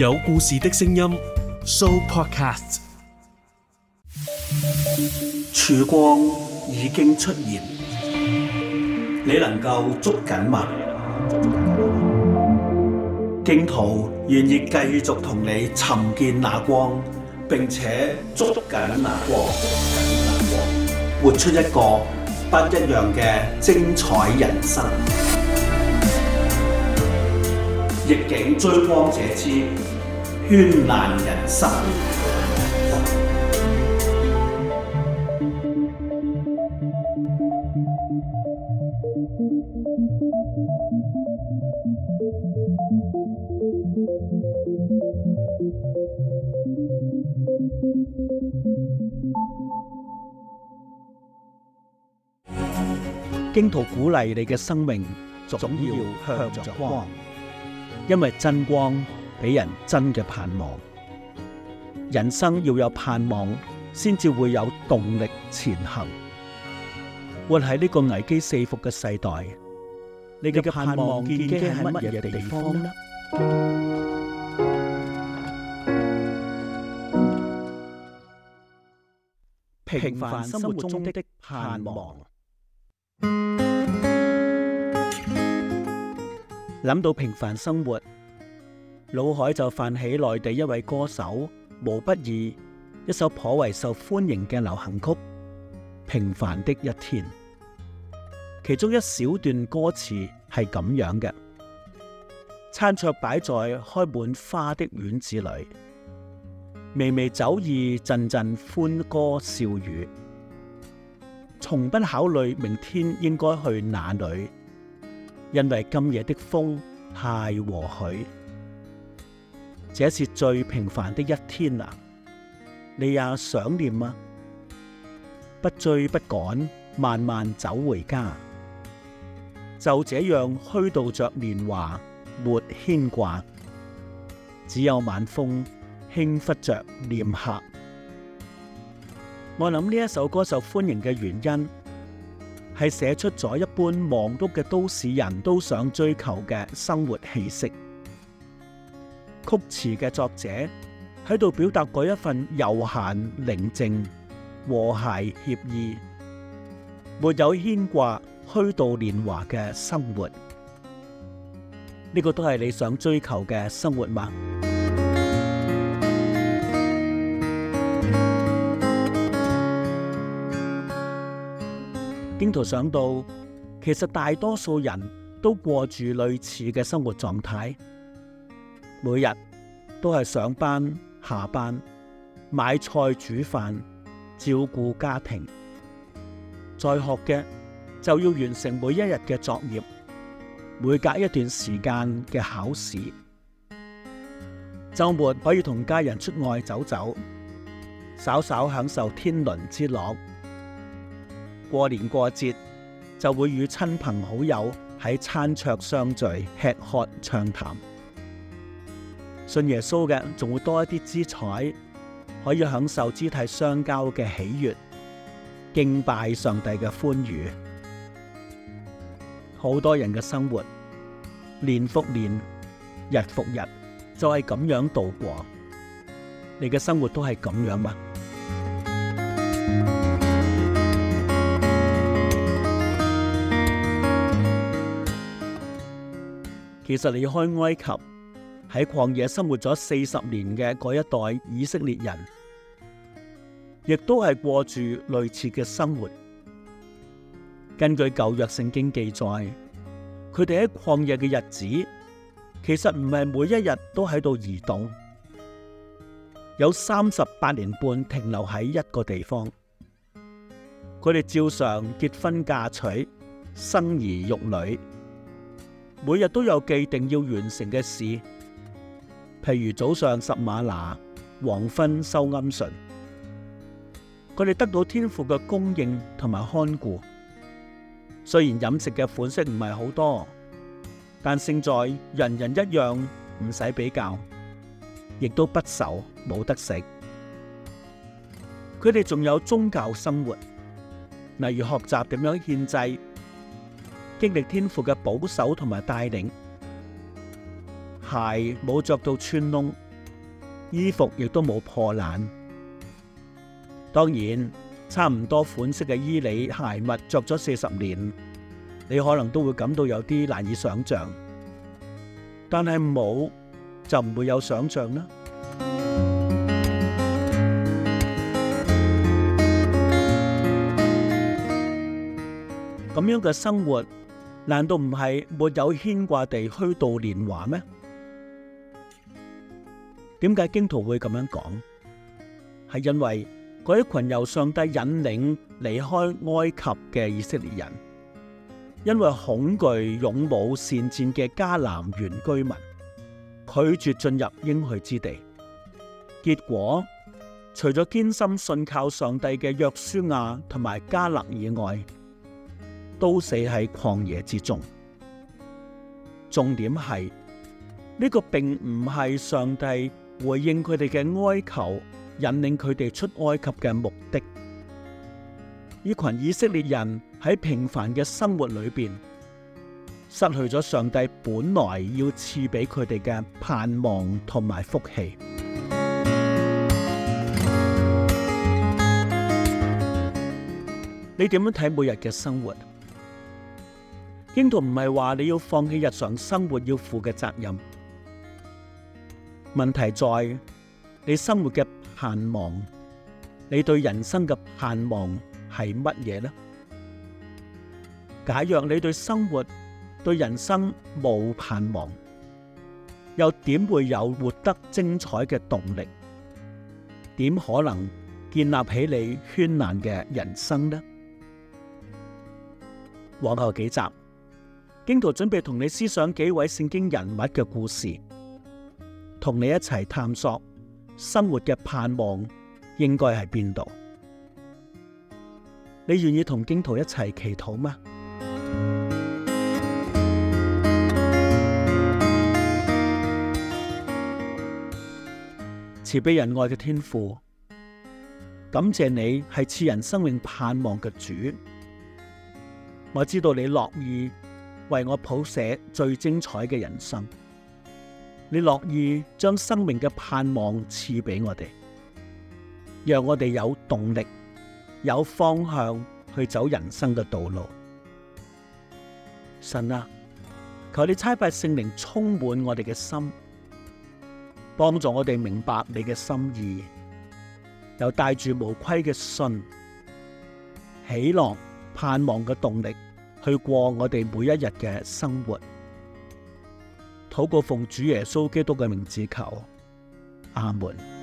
有故事的聲音，Show Podcast。曙光已經出現，你能夠捉緊嗎？荊徒願意繼續同你尋見那光，並且捉緊那光，活出一個不一樣嘅精彩人生。逆境追光者之絢爛人生，荊徒鼓勵你嘅生命，總要向着光。因為真光俾人真嘅盼望，人生要有盼望，先至會有動力前行。活喺呢個危機四伏嘅世代，你嘅盼望建基喺乜嘢地方呢？平凡生活中的盼望。諗到平凡生活，腦海就泛起內地一位歌手毛不易一首頗為受歡迎嘅流行曲《平凡的一天》，其中一小段歌詞係咁樣嘅：餐桌擺在開滿花的院子裏，微微酒意，陣陣歡歌笑語，從不考慮明天應該去哪裏。因為今夜的風太和煦，這是最平凡的一天啊！你也想念嗎？不追不趕，慢慢走回家，就這樣虛度着年華，沒牽掛，只有晚風輕拂着臉頰。我諗呢一首歌受歡迎嘅原因。係寫出咗一般忙碌嘅都市人都想追求嘅生活氣息。曲詞嘅作者喺度表達嗰一份悠閒、寧靜、和諧、愜意，沒有牽掛、虛度年華嘅生活。呢個都係你想追求嘅生活嗎？荊徒想到，其實大多數人都過住類似嘅生活狀態，每日都係上班、下班、買菜、煮飯、照顧家庭，在學嘅就要完成每一日嘅作業，每隔一段時間嘅考試，周末可以同家人出外走走，稍稍享受天倫之樂。過年過節就會與親朋好友喺餐桌相聚吃喝暢談，信耶穌嘅仲會多一啲姿彩，可以享受肢體相交嘅喜悦，敬拜上帝嘅歡愉。好多人嘅生活年復年、日復日，就係咁樣度過。你嘅生活都係咁樣嗎？其實離開埃及喺曠野生活咗四十年嘅嗰一代以色列人，亦都係過住類似嘅生活。根據舊約聖經記載，佢哋喺曠野嘅日子，其實唔係每一日都喺度移動，有三十八年半停留喺一個地方。佢哋照常結婚嫁娶、生兒育女。每日都有既定要完成嘅事，譬如早上拾嗎哪、黃昏收鵪鶉。佢哋得到天父嘅供應同埋看顧，雖然飲食嘅款式唔係好多，但勝在人人一樣，唔使比較，亦都不愁冇得食。佢哋仲有宗教生活，例如學習點樣獻祭。經歷天父嘅保守同埋帶領，鞋冇着到穿窿，衣服亦都冇破爛。當然，差唔多款式嘅衣履鞋襪着咗四十年，你可能都會感到有啲難以想象。但係冇就唔會有想象啦。咁樣嘅生活。難道唔係沒有牽掛地虛度年華咩？點解荊徒會咁樣講？係因為嗰一群由上帝引領離開埃及嘅以色列人，因為恐懼勇武善戰嘅迦南原居民，拒絕進入應許之地。結果除咗堅心信靠上帝嘅約書亞同埋迦勒以外，都死喺曠野之中。重點係呢個並唔係上帝回應佢哋嘅哀求，引領佢哋出埃及嘅目的。呢群以色列人喺平凡嘅生活裏邊，失去咗上帝本來要賜俾佢哋嘅盼望同埋福氣。你點樣睇每日嘅生活？荊徒唔係話你要放棄日常生活要負嘅責任，問題在你生活嘅盼望，你對人生嘅盼望係乜嘢呢？假若你對生活、對人生冇盼望，又點會有活得精彩嘅動力？點可能建立起你絢爛嘅人生呢？往後幾集。荊徒準備同你思想幾位聖經人物嘅故事，同你一齊探索生活嘅盼望應該喺邊度。你願意同荊徒一齊祈禱嗎？慈悲仁愛嘅天父，感謝你係賜人生命盼望嘅主。我知道你樂意為我譜寫最精彩嘅人生，你樂意將生命嘅盼望賜俾我哋，讓我哋有動力、有方向去走人生嘅道路。神啊，求你差派聖靈充滿我哋嘅心，幫助我哋明白你嘅心意，又帶住無愧嘅信、喜樂、盼望嘅動力。去過我哋每一日嘅生活，禱告奉主耶穌基督嘅名字求，阿門。